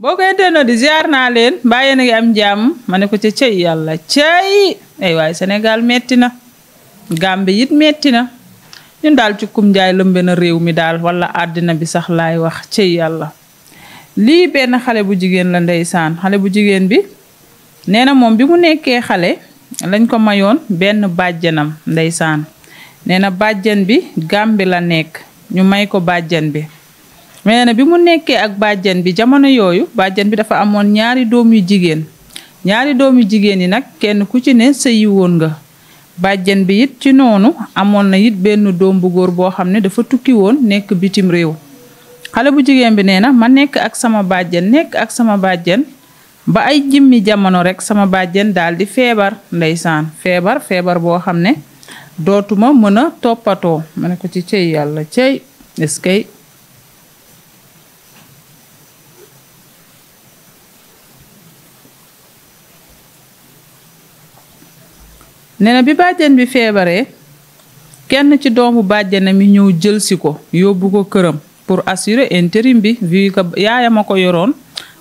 boo ko internet di ziar naa leen mbaa yéen a ngi am jàmm ma ne ko ca cëy yàlla cëy ay waaye metti na Gàmbi it metti na ñu daal ci kum njaay lëmbe na réew mi daal wala àddina bi sax laay wax cëy yàlla lii benn xale bu jigéen la ndeysaan xale bu jigéen bi nee na moom bi mu nekkee xale lañ ko mayoon benn bàjjanam ndeysaan nee na bàjjan bi Gàmbi la nekk ñu may ko bàjjan bi mais ne bi mu nekkee ak bàjjen bi jamono yooyu bàjjen bi dafa amoon ñaari doom yu jigéen ñaari doom yu jigéen yi nag kenn ku ci ne sëyi woon nga bàjjen bi it ci noonu amoon na it benn doom bu góor boo xam ne dafa tukki woon nekk bitim réew xale bu jigéen bi nee na ma nekk ak sama bàjjen nekk ak sama bàjjen ba ay jimmi jamono rekk sama bàjjen daal di feebar ndeysaan feebar feebar boo xam ne dootuma mën a toppatoo ma ne ko ci cey yàlla cey eskay nee na bi bàjjan bi feebaree kenn ci doomu bàjjenam yi ñëw jël si ko yóbbu ko këram pour assurer intérim bi vu que yaayam a ko yoroon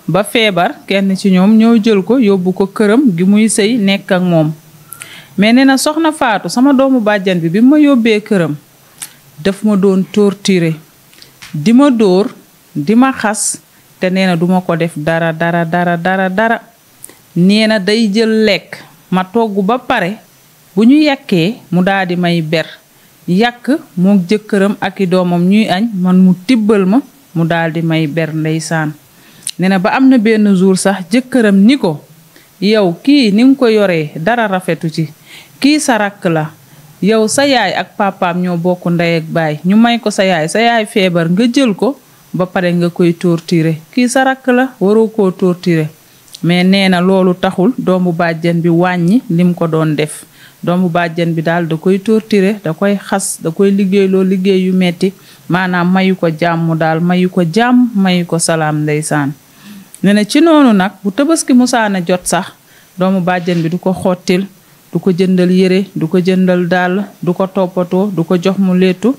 ba feebar kenn ci ñoom ñëw jël ko yóbbu ko këram gi muy sëy nekk ak moom mais nee na soxna Faatu sama doomu bàjjan bi bi ma yóbbee këram daf ma doon torturer di ma dóor di ma xas te nee na duma ko def dara dara dara dara dara nee na day jël lekk ma togg ba pare bu ñu yàkkee mu daldi may ber yàkk mook jëkkëram ak i doomam ñuy añ man mu tibbal ma mu daldi may ber ndeysaan ne na ba am na benn jour sax jëkkëram ni ko yow kii ni nga ko yoree dara rafetu ci kii sa rakk la yow sa yaay ak papaam ñoo bokk ndey ak baay ñu may ko sa yaay sa yaay feebar nga jël ko ba pare nga koy torturer kii sa rakk la waru koo torturer mais nee na loolu taxul doomu bàjjen bi wàññi lim ko doon def doomu bàjjen bi daal da koy torturer da koy xas da koy liggéeyloo liggéey yu metti maanaam mayu ko jàmm daal mayu ko jàmm mayu ko salaam ndeysaan ne ci noonu nag bu tabaski musaana jot sax doomu bàjjen bi du ko xottil du ko jëndal yére du ko jëndal daal du ko toppatoo du ko jox mu léttu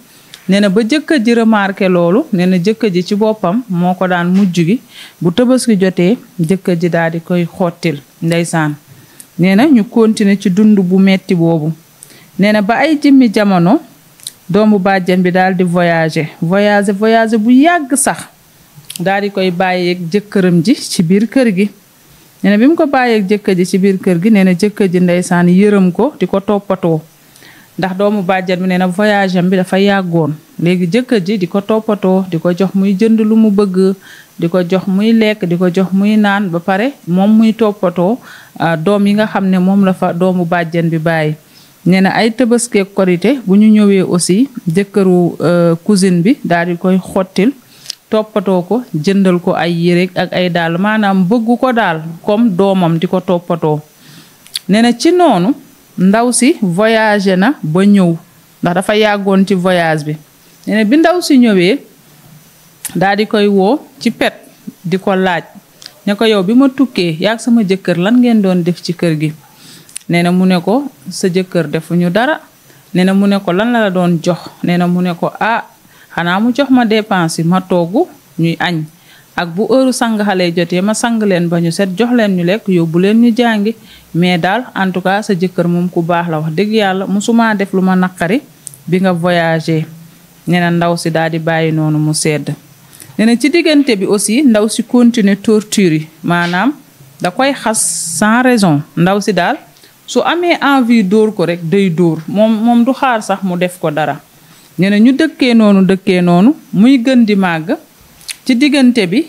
ne na ba jëkkër ji loolu ne na jëkkër ji ci boppam moo ko daan mujj gi bu tabaski jotee jëkkër ji daal di koy xottil ndeysaan nee na ñu continuer ci dund bu metti boobu nee na ba ay jëmmi jamono doomu bàjjen bi dal di voyager voyager voyager bu yàgg sax daal di koy bàyyeek jëkkëram ji ci biir kër gi nee na bi mu ko bàyyeeg jëkkër ji ci biir kër gi nee na jëkkër ji ndeysaan yërëm ko di ko toppatoo ndax doomu bàjjan bi nee na voyage bi dafa yàggoon léegi jëkkër ji di ko toppatoo di ko jox muy jënd lu mu bëgg di ko jox muy lekk di ko jox muy naan ba pare moom muy toppatoo ah, doom yi nga xam ne moom la fa doomu bàjjen bi bàyyi. nee na ay tëbaskee korité bu ñu ñëwee aussi jëkkëru euh, cousine bi daal di koy xottil toppatoo ko jëndal ko ay yére ak ay dàll maanaam bëggu ko daal comme doomam di ko toppatoo. nee na ci noonu ndaw si voyagé na ba ñëw ndax dafa yàggoon ci voyage bi nee bi ndaw si ñëwee. daal di koy woo ci pet di ko laaj ne ko yow bi ma tukkee yaag sama jëkkër lan ngeen doon def ci kër gi nee na mu ne ko sa jëkkër defuñu dara nee na mu ne ko lan la doon jox nee na mu ne ko ah xanaa mu jox ma dépense yi ma togg ñuy añ ak bu heure sang xale jotee ma sang leen ba ñu set jox leen ñu lekk yóbbu leen ñu jàngi mais daal en tout cas sa jëkkër moom ku baax la wax dëgg yàlla musuma def lu ma naqari bi nga voyagé nee ndaw si daal di bàyyi noonu mu sedd nee ci diggante bi aussi ndaw si continuer torture yi maanaam da koy xas sans raison ndaw si daal su amee envie dóor ko rek day dóor moom du xaar sax mu def ko dara nee na ñu dëkkee noonu dëkkee noonu muy gën di màgg ci diggante bi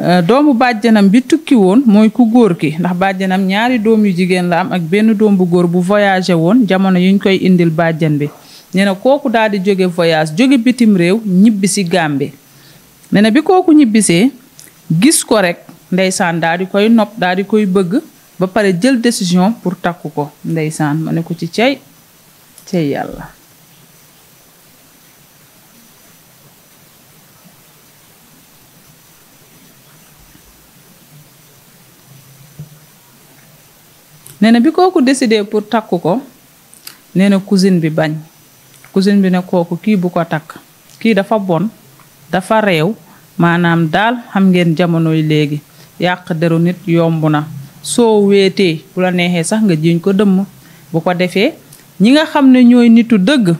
euh, doomu bàjjanam bi tukki woon mooy ku góor ki ndax bàjjanam ñaari doom yu jigéen la am ak benn doom bu góor bu voyagé woon jamono yuñ koy indil bàjjan bi nee na kooku daal di jóge voyage jóge bitim réew ñibbi si bi nee bi kooku ñibbisee gis ko rek ndeysaan daal di koy nopp daal di koy bëgg ba pare jël décision pour takku ko ndeysaan ma ne ko ci cey cey yàlla nee na bi kooku décidé pour takku ko nee na cousine bi bañ cousine bi ne kooku kii bu ko takk kii dafa bon dafa reew maanaam daal xam ngeen jamonoy léegi yàq deru nit yomb na soo weetee bu la neexee sax nga jiñ ko dëmm bu ko defee ñi nga xam ne ñooy nitu dëgg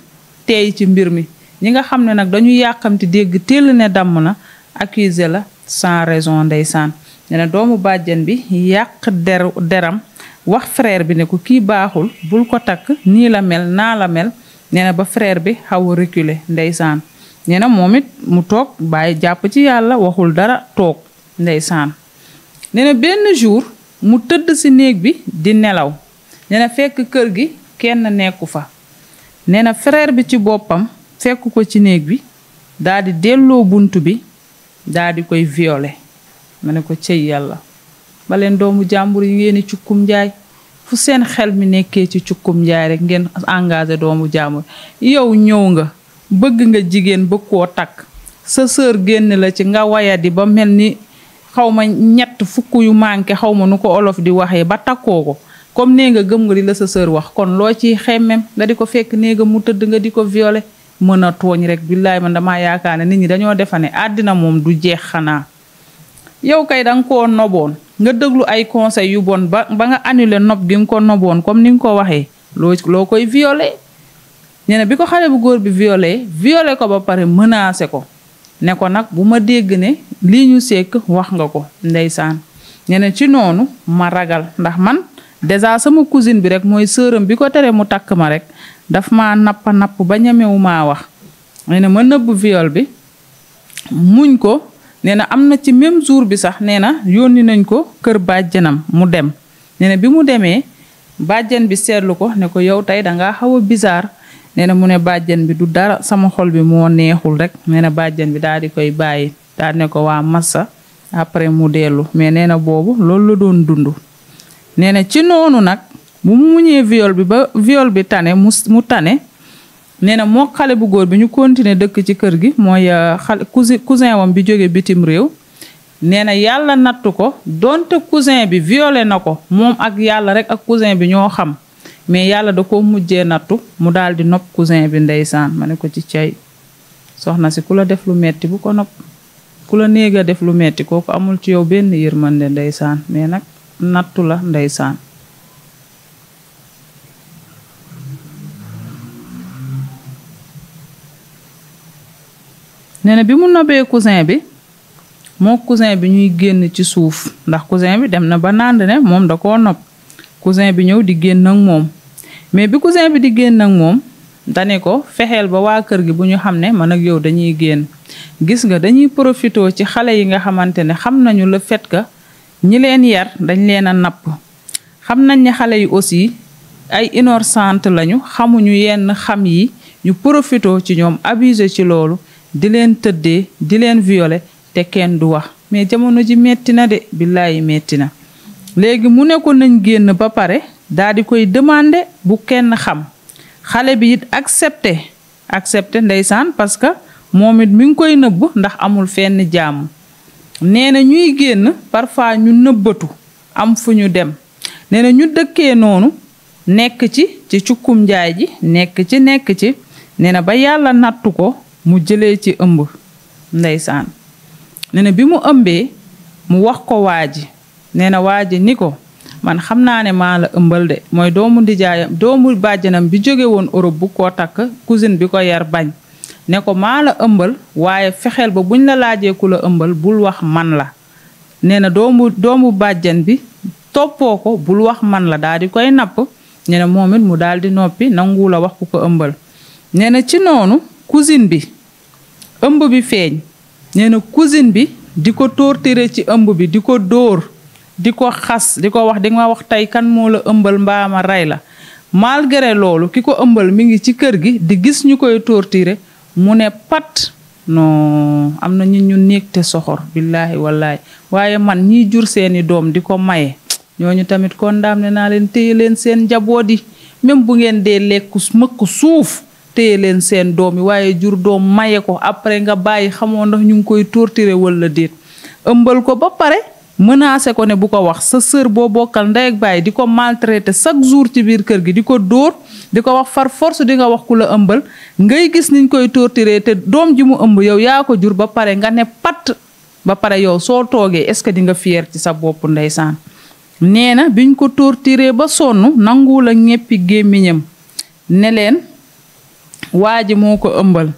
teey ci mbir mi ñi nga xam ne nag dañu yàqamti dégg téll ne damm na accusé la sans raison ndeysaan ne ne doomu bàjjen bi yàq der deram wax freer bi ne ko kii baaxul bul ko takk nii la mel naa la mel ne ba freer bi xaw a reculer ndeysaan nee na moom it mu toog bàyyi jàpp ci yàlla waxul dara toog ndeysaan nee na benn jour mu tëdd ci néeg bi di nelaw nee fekk kër gi kenn nekku fa nee na frère bi ci boppam fekk ko ci néeg bi daal di delloo bunt bi daal di koy violer ma ne ko cëy yàlla ba leen doomu jàmbur yi ngeen cukkum njaay fu seen xel mi nekkee ci cukkum njaay rek ngeen engagé doomu jàmbur yow ñëw nga bëgg nga jigéen bëgg koo takk sa sœur génn la ci nga di ba mel ni xaw ma ñett fukk yu manqué xaw ma nu ko olof di waxee ba takkoo ko comme nee nga gëm nga di la sa sœur wax kon loo ci xemmem nga di ko fekk nee mu tëdd nga di ko viole mën a tooñ rek billaay man damaa yaakaar ne nit ñi dañoo defa ne àddina moom du jeex xanaa yow kay dang koo noboon nga déglu ay conseil yu bon ba ba nga annulé nob gi nga ko noboon comme ni nga ko waxee loo koy violé ñene bi ko xale bu góor bi violé violé ko ba pare menacé ko ne ko nag bu ma dégg ne lii ñu sekk wax nga ko ndeysaan ñu ne ci noonu ma ragal ndax man déjà sama cousine bi rek mooy sëram bi ko tere mu takk ma rek dafa ma nappa napp ba ñemewu maa wax nee na ma nëbb viol bi muñ ko nee na am na ci même jour bi sax nee na yónni nañ ko kër bàjjenam mu dem nee bi mu demee bàjjan bi seetlu ko ne ko yow tey dangaa xaw a bizarre nee na mu ne bàjjan bi du dara sama xol bi moo neexul rek nee na bàjjen bi daal di koy bàyyi daal ne ko waa massa après mu dellu mais nee na boobu loolu la doon dund. nee na ci noonu nag bu mu muñee viol bi ba viol bi tane mu mu tane nee na moo xale bu góor bi ñu continuer dëkk ci kër gi mooy euh, xale cousin cousin wam bi jóge bitim réew. nee na yàlla nattu ko donte cousin bi violé na ko moom ak yàlla rek ak cousin bi ñoo xam. mais yàlla da ko mujje nattu mu daldi di nopp cousin bi ndeysaan ma ne ko ci cay soxna si ku la def lu metti bu ko nopp ku la néega def lu metti kooku amul ci yow benn yërmande ndeysaan mais nag nattu la ndeysaan nee bi mu nobee cousin bi moo cousin bi ñuy génn ci suuf ndax cousin bi dem na ba nànd ne moom da koo nopp cousin bi ñëw di génn ak moom mais bi cousin bi di génn ak moom dane ko fexeel ba waa kër gi bu ñu xam ne man ak yow dañuy génn gis nga dañuy profité ci xale yi nga xamante ne xam nañu le fait que ñi leen yar dañ leen a napp xam nañ ni xale yi aussi ay innocente lañu xamuñu yenn xam yi ñu profité ci ñoom abusé ci loolu di leen tëddee di leen violé te kenn du wax mais jamono ji metti na de yi metti na léegi mu ne ko nañ génn ba pare daal di koy demander bu kenn xam xale bi it ak ak accepté ndeysaan parce que moom it mi ngi koy nëbb ndax amul fenn jàmm nee na ñuy génn parfois ñu nëbbatu am fu ñu dem nee ñu dëkkee noonu nekk ci ci cukkum njaay ji nekk ci nekk ci nee na ba yàlla nattu ko mu jëlee ci ëmb ndeysaan nee bi mu ëmbee mu wax ko waa ji nee na waa ji ni ko man xam naa ne maa la ëmbal de mooy doomu ndijaayam doomu bàjjanam bi jóge woon Europe bu ko takk cousine bi ko yar bañ ne ko maa la ëmbal waaye fexeel ba buñ la laajee ku ëmbal bul wax man la nee na doomu doomu bàjjan bi toppoo ko bul wax man la daal di koy napp nee na mu daal di noppi nangu la wax ku ko ëmbal nee na ci noonu cousine bi ëmb bi feeñ nee na bi di ko torturer ci ëmb bi di ko dóor di ko xas di ko wax di nga wax tey kan moo la ëmbal mbaama rey la malgré loolu ki ko ëmbal mi ngi ci kër gi di gis ñu koy torturer mu ne pat non am na ñu ñu néeg te soxor billaahi wallaahi waaye man ñiy jur seeni doom di ko maye ñooñu tamit kon condamné naa leen téye leen seen njaboot yi même bu ngeen dee lekku mëkk suuf téye leen seen doomi waaye jur doom maye ko après nga bàyyi xamoo ndax ñu ngi koy torturer walla déet ëmbal ko ba pare menacé ko ne bu ko wax sa sœur boo bokkal ndey ak baay di ko maltraité chaque jour ci biir kër gi di ko dóor di ko wax far force di nga wax ku la ëmbal ngay gis niñ koy torturé te doom ji mu ëmb yow yaa ko jur ba pare nga ne patt ba pare yow soo toogee est-ce que di nga fier ci sa bopp ndeysaan nee na biñ ko torturé ba sonn nangu la ñeppi gémmiñam ne waa ji moo ko ëmbal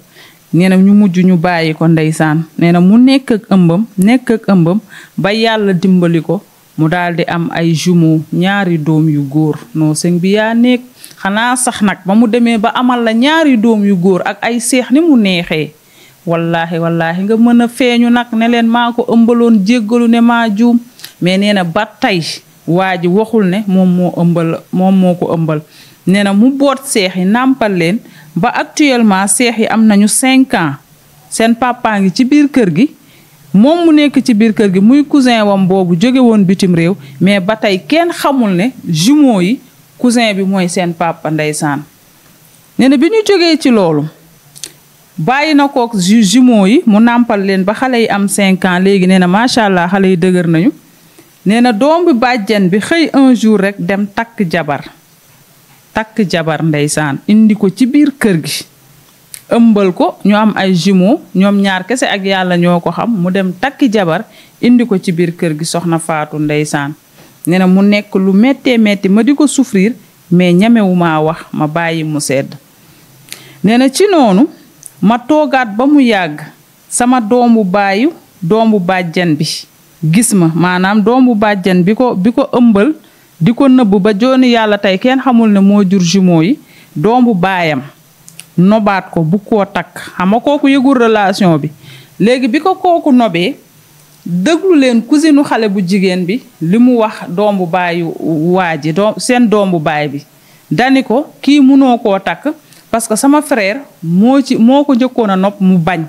nee ñu mujj ñu bàyyi ko ndeysaan nee na mu nekk ak ëmbam nekk ak ëmbam ba yàlla dimbali ko mu daal di am ay jumeaux ñaari doom yu góor noo sëñ bi yaa nekk xanaa sax nag ba mu demee ba amal la ñaari doom yu góor ak ay seex ni mu neexee wallaahi wallaahi nga mën a feeñu nag ne leen maa ko ëmbaloon jéggalu ne maa juum mais nee na ba tey waa ji waxul ne moom moo ëmbal moom moo ko ëmbal nena mu boot seex yi nàmpal leen ba actuellement seex yi am nañu cinq seen papa ngi ci biir kër gi moom mu nekk ci biir kër gi muy cousin wam boobu jóge woon bitim réew mais ba tey kenn xamul ne jumeau yi cousin bi mooy seen papa ndeysaan nee na bi ñu jógee ci loolu bàyyi na kook jumeau yi mu nàmpal leen ba xale yi am cinquant léegi nee na macha allah xale yi dëgër nañu nee na doom bi bàjjen bi xëy un jour rek dem takk jabar takk jabar ndeysaan indi ko ci biir kër gi ëmbal ko ñu am ay jumeaux ñoom ñaar kese ak yàlla ñoo ko xam mu dem takk jabar indi ko ci biir kër gi soxna faatu ndeysaan nee na mu nekk lu mettee metti ma di ko souffrir mais ñamewu maa wax ma bàyyi mu sedd nee na ci noonu ma toogaat ba mu yàgg sama doomu baayu doomu bàjjan bi gis ma maanaam doomu bàjjan bi ko ëmbal di ko nëbb ba jooni yàlla tey kenn xamul ne moo jur jumeau yi doomu baayam nobaat ko bu ko takk xam nga kooku yëgul relation bi léegi bi ko kooku nobee déglu leen cousinu xale bu jigéen bi li mu wax doomu baayu waa ji doom seen doomu baay bi dani ko kii mënoo koo takk parce que sama frère moo ci moo ko jëkkoon a nopp mu bañ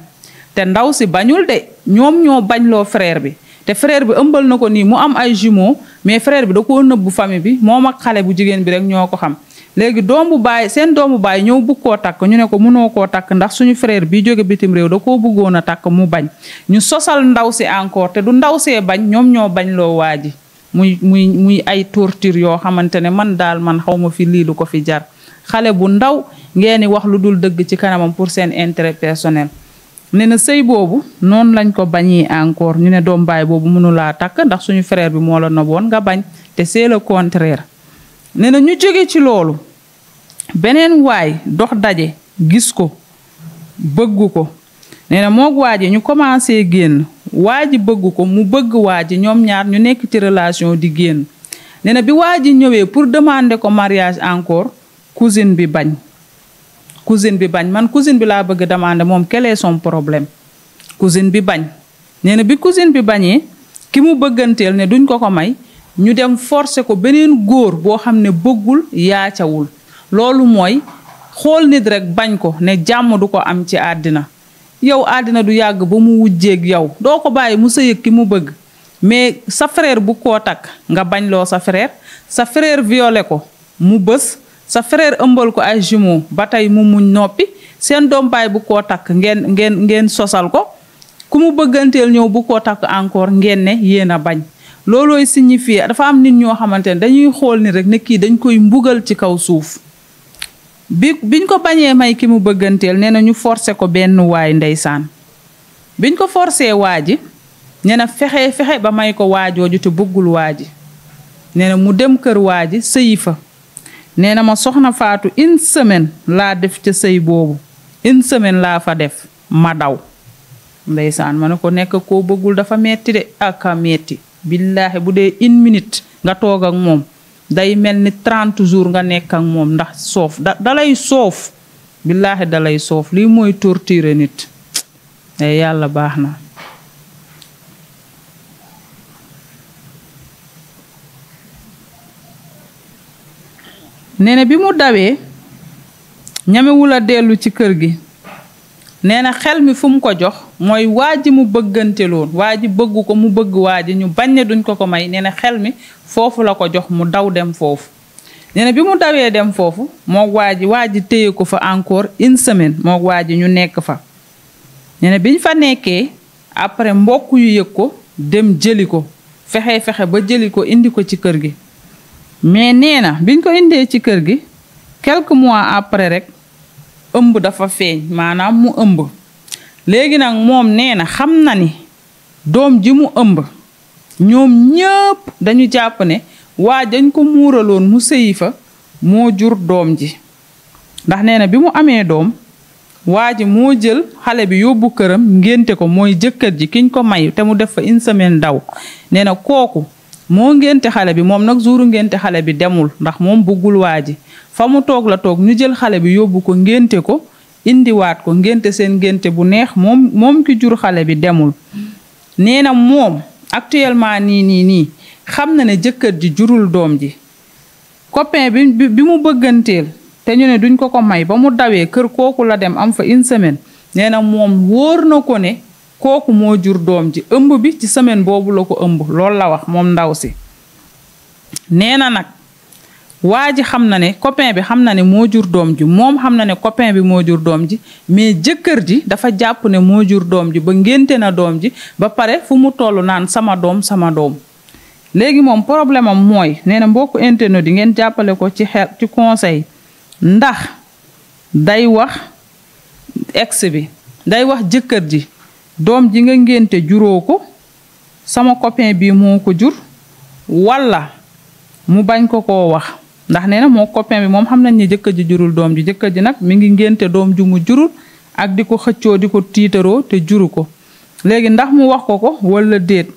te ndaw si bañul de ñoom ñoo bañ loo frère bi te frère bi ëmbal na ko nii mu am ay jumeaux mais frère bi da koo nëbbu famille bi moom ak xale bu jigéen bi rek ñoo ko xam léegi doomu baay seen doomu baay ñëw bëgg koo takk ñu ne ko mënoo koo takk ndax suñu frère bi jóge bitim réew da koo bëggoon a takk mu bañ ñu sosal ndaw si encore te du ndaw see bañ ñoom ñoo bañ loo waa ji muy muy muy ay torture yoo xamante ne man daal man xaw ma fi liilu ko fi jar xale bu ndaw ngeen di wax lu dul dëgg ci kanamam pour seen intérêt personnel ne na sëy boobu noonu lañ ko bañee encore ñu ne doom baay boobu mënulaa takk ndax suñu fereer bi moo la noboon nga bañ te c'est le contraire ne na ñu jóge ci loolu beneen waay dox daje gis ko bëggu ko nee na moog waa ji ñu commencé génn waa ji bëgg ko mu bëgg waa ji ñoom ñaar ñu nekk ci relation di génn nee na bi waa ji ñëwee pour demander ko mariage encore cousine bi bañ cousine bi bañ man cousine bi laa bëgg demandé moom quel est problème cousine bi bañ nee na bi cousine bi bañee ki mu bëgganteel ne duñ ko ko may ñu dem forcer ko beneen góor boo xam ne bëggul yaacawul loolu mooy xool nit rek bañ ko ne jàmm du ko am ci àddina yow àddina du yàgg ba mu wujjeeg yow doo ko bàyyi mu sëyëg ki mu bëgg mais sa frère bu koo takk nga bañ loo sa frère sa frère violé ko mu bës sa frère ëmbal ko ay jumeaux ba tey mu muñ noppi seen doom baay bu koo takk ngeen ngeen sosal ko ku mu bëgganteel ñëw bu ko takk encore ngeen ne yéen a bañ loolooy signifier dafa am nit ñoo xamante ne dañuy xool ni rek ne kii dañ koy mbugal ci kaw suuf bi biñ ko bañee may ki mu bëgganteel nee na ñu forcé ko benn waay ndeysaan biñ ko forcé waa ji nee fexe fexe ba may ko waajooju te bëggul waa ji nee na mu dem kër waa ji sëyi fa nee na ma soxna faatu une semaine laa def ca sëy boobu une semaine laa fa def ma daw ndeysaan ma ne ko nekk koo bëggul dafa metti de aka metti billaahi bu dee une minute nga toog ak moom day mel ni 30 jours nga nekk ak moom ndax soof da dalay soof billaahi dalay soof lii mooy torturer nit eh, yàlla baax na nee bi mu dawee ñamewul a dellu ci kër gi nee na xel mi fum ko jox mooy waa ji mu bëgganteloon waa ji bëgg ko mu bëgg waa ji ñu bañ ne duñ ko ko may nee na xel mi foofu la ko jox mu daw dem foofu nene bi mu dawee dem foofu moog waa ji waa ji téye ko fa encore une semaine moog waa ji ñu nekk fa nee na biñ fa nekkee après mbokk yu yëg ko dem jëli ko fexe fexe ba jëli ko indi ko ci kër gi mais nee na bi biñ ko indee ci kër gi quelques mois après rek ëmb dafa feeñ maanaam mu ëmb léegi nag moom nee na xam na ni doom ji mu ëmb ñoom ñëpp dañu jàpp ne waa dañ ko muuraloon mu sëyi fa moo jur doom ji ndax nee na bi mu amee doom waa ji moo jël xale bi yóbbu këram ngénte ko mooy jëkkër ji kiñ ko may te mu def fa une semaine daw nee na kooku moo ngénte xale bi moom nag juuru ngénte xale bi demul ndax moom bëggul waa ji fa mu toog la toog ñu jël xale bi yóbbu ko ngénte ko indiwaat ko ngénte seen ngénte bu neex moom moom ki jur xale bi demul nee na moom actuellement nii nii nii xam na ne jëkkër ji jurul doom ji copain bi mu bëgganteel te ñu ne duñ ko ko may ba mu dawee kër kooku la dem am fa une semaine nee na moom wóor na ko ne kooku moo jur doom ji ëmb bi ci semaine boobu la ko ëmb loolu la wax moom ndaw si nee na nag waa ji xam na ne copain bi xam na ne moo jur doom ji moom xam na ne copain bi moo jur doom ji mais jëkkër ji dafa jàpp ne moo jur doom ji ba ngénte na doom ji ba pare fu mu toll naan sama doom sama doom léegi moom problème am mooy nee na mbokku internet di ngeen jàppale ko ci xel ci conseil ndax day wax ex bi day wax jëkkër ji doom ji nga ngénte juróo ko sama copain bi moo ko jur walla mu bañ ko koo wax ndax nee na moo copain bi moom xam nañ ne jëkkër ji jurul doom ji jëkkër ji nag mi ngi ngénte doom ju mu ak di ko xëccoo di ko tiitaroo te juru ko léegi ndax mu wax ko ko walla déet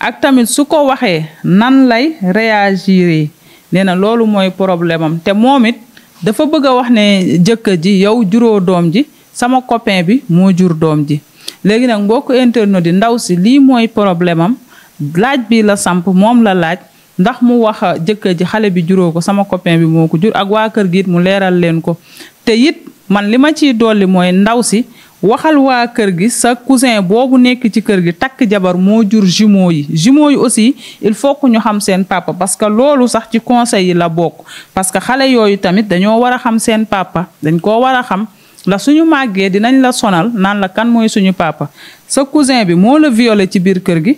ak tamit su ko waxee nan lay réagir nee na loolu mooy problème am te moom it dafa bëgg wax ne jëkkër ji yow juróo doom ji sama copain bi moo jur doom ji léegi nag mbokk internet di ndaw si lii mooy problème am laaj bi la samp moom la laaj ndax mu wax jëkkër ji xale bi juróo ko sama copain bi moo ko jur ak waa kër gi mu leeral leen ko te it man li ma ciy dolli mooy ndaw si waxal waa kër gi sa cousin boobu nekk ci kër gi takk jabar moo jur jumeaux yi jumeaux yi aussi il faut que ñu xam seen papa parce que loolu sax ci conseil yi la bokk parce que xale yooyu tamit dañoo war a xam seen papa dañ koo war ndax suñu màggee dinañ la sonal naan la kan mooy suñu papa sa cousin bi moo la violé ci biir kër gi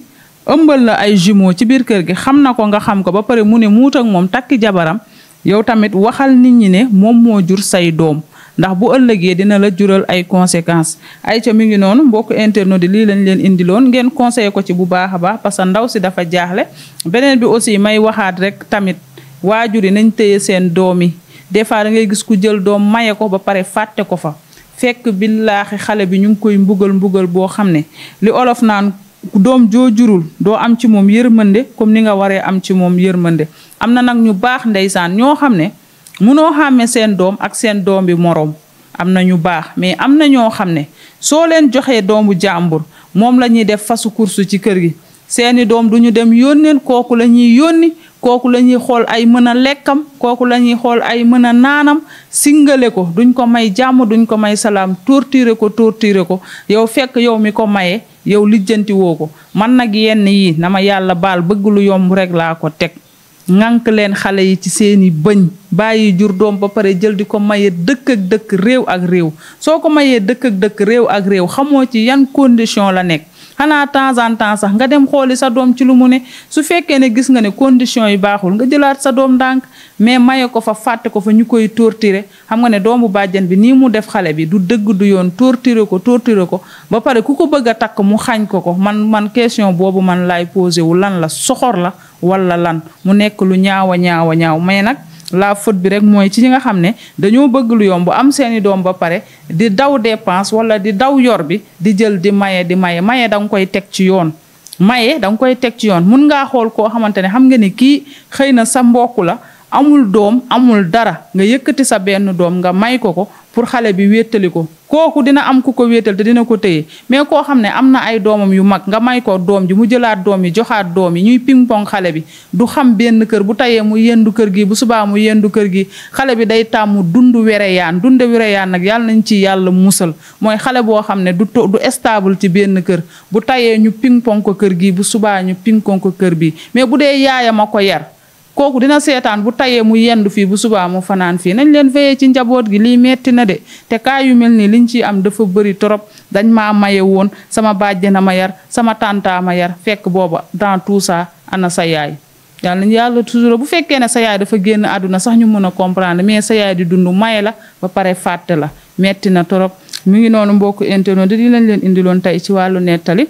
ëmbal la ay jumeaux ci biir kër gi xam na ko nga xam ko ba pare mu ne muut ak moom takk jabaram yow tamit waxal nit ñi ne moom moo jur say doom ndax bu ëllëgee dina la jural ay conséquences ay ca mi ngi noonu mbokk internautes di lii lañ leen indiloon ngeen conseillé ko ci bu baax a baax parce que ndaw si dafa jaaxle beneen bi aussi may waxaat rek tamit waajur yi nañ téye seen doom yi des fois da ngay gis ku jël doom maye ko ba pare fàtte ko fa fekk billaahi xale bi ñu ngi koy mbugal mbugal boo xam ne li olof naan doom joo jurul doo am ci moom yërmande comme ni nga waree am ci moom yërmande am na nag ñu baax ndeysaan ñoo xam ne munoo xàmme seen doom ak seen doom bi moroom am na ñu baax mais am na ñoo xam ne soo leen joxee doomu jàmbur moom la ñuy def fasu kursu ci kër gi seeni doom du ñu dem yónneen kooku lañuy ñuy yónni kooku la ñuy xool ay mën a lekkam kooku la ñuy xool ay mën a naanam singale ko duñ ko may jàmm duñ ko may salaam torturer ko torturer ko yow fekk yow mi ko maye yow lijjantiwoo ko man nag yenn yii na ma yàlla baal bëgg lu yomb rek laa ko teg ŋànk leen xale yi ci seeni bëñ bàyyi jur doom ba pare jël di ko maye dëkk ak dëkk réew ak réew soo ko mayee dëkk ak dëkk réew ak réew xamoo ci yan condition la nekk xanaa temps en temps sax nga dem xooli sa doom ci lu mu ne su fekkee ne gis nga ne condition yi baaxul nga jëlaat sa doom ndànk mais maye ko fa fàtte ko fa ñu koy torturer xam nga ne doomu bàjjen bi nii mu def xale bi du dëgg du yoon torturer ko torturer ko ba pare ku ko bëgg a takk mu xaañ ko ko man man question boobu man laay posé wu lan la soxor la walla lan mu nekk lu ñaaw a ñaaw a ñaaw mais nag la faute bi rek mooy ci ñi nga xam ne dañoo bëgg lu yomb am seeni doom ba pare di daw dépense wala di daw yor bi di jël di maye di maye maye da nga koy teg ci yoon. maye da nga koy teg ci yoon mun ngaa xool koo xamante ne xam nga ni kii xëy na sa mbokk la amul doom amul dara nga yëkkati sa benn doom nga may ko ko. pour xale bi wéttali ko kooku dina am ku ko wéetal te dina ko téye mais koo xam ne am na ay doomam yu mag nga may ko doom ji mu jëlaat doom yi joxaat doom yi ñuy ping pong xale bi du xam benn kër bu tayee mu yendu kër gi bu subaa yendu kër gi xale bi day tàmm dund wereyaan dunde wereyaan nag yàlla nañ ci yàlla musal mooy xale boo xam ne du to du ci benn kër bu tayee ñu ping pong ko kër gi bu subaa ñu ping pong ko kër bi mais bu dee yaayam a ko yar kooku dina seetaan bu tayee mu yendu fii bu subaa mu fanaan fii nañ leen veillé ci njaboot gi lii metti na de te kaa yu mel nii liñ ciy am dafa bëri torop dañ maa maye woon sama bàjjana ma yar sama tàntaa ma yar fekk booba dans tout ça ana sa yaay yàlla nañ yàlla toujours bu fekkee ne sa yaay dafa génn àdduna sax ñu mën a comprendre mais sa yaay di dund maye la ba pare fàtte la metti na torop mu ngi noonu mbokk internet di lañ leen indiloon tey ci wàllu nettali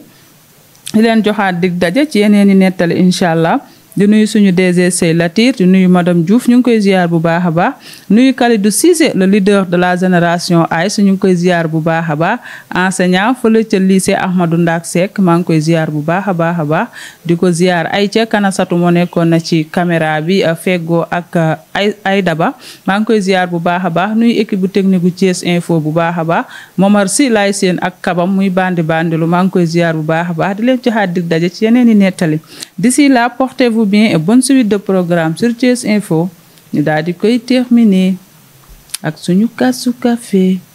di leen joxaat dig daje ci yeneen i nettali incha allah di nuyu suñu DG Sey Latir di nuyu madame Diouf ñu ngi koy ziar bu baax a baax nuyu Kalidou Cissé le leader de la génération AS ñu ngi koy ziar bu baax a baax enseignant fële ca lycée Ahmadou Ndak Seck maa ngi koy ziar bu baax a baax a baax di ko ziar ay ca kanasatu moo nekkoon na ci caméra bi euh, feggoo ak euh, ay ay daba maa ngi koy ziar bu baax a baax nuy équipe bu technique bu Thiès info bu baax a baax Momar si laay seen ak kabam muy bandi bande lu ngi koy bu baax a baax di leen joxaat dig daje ci yeneen i nettali d'ici là portez-vous bien et bonne suite de programme sur Thiès info ñu daal di koy terminer ak suñu kasu café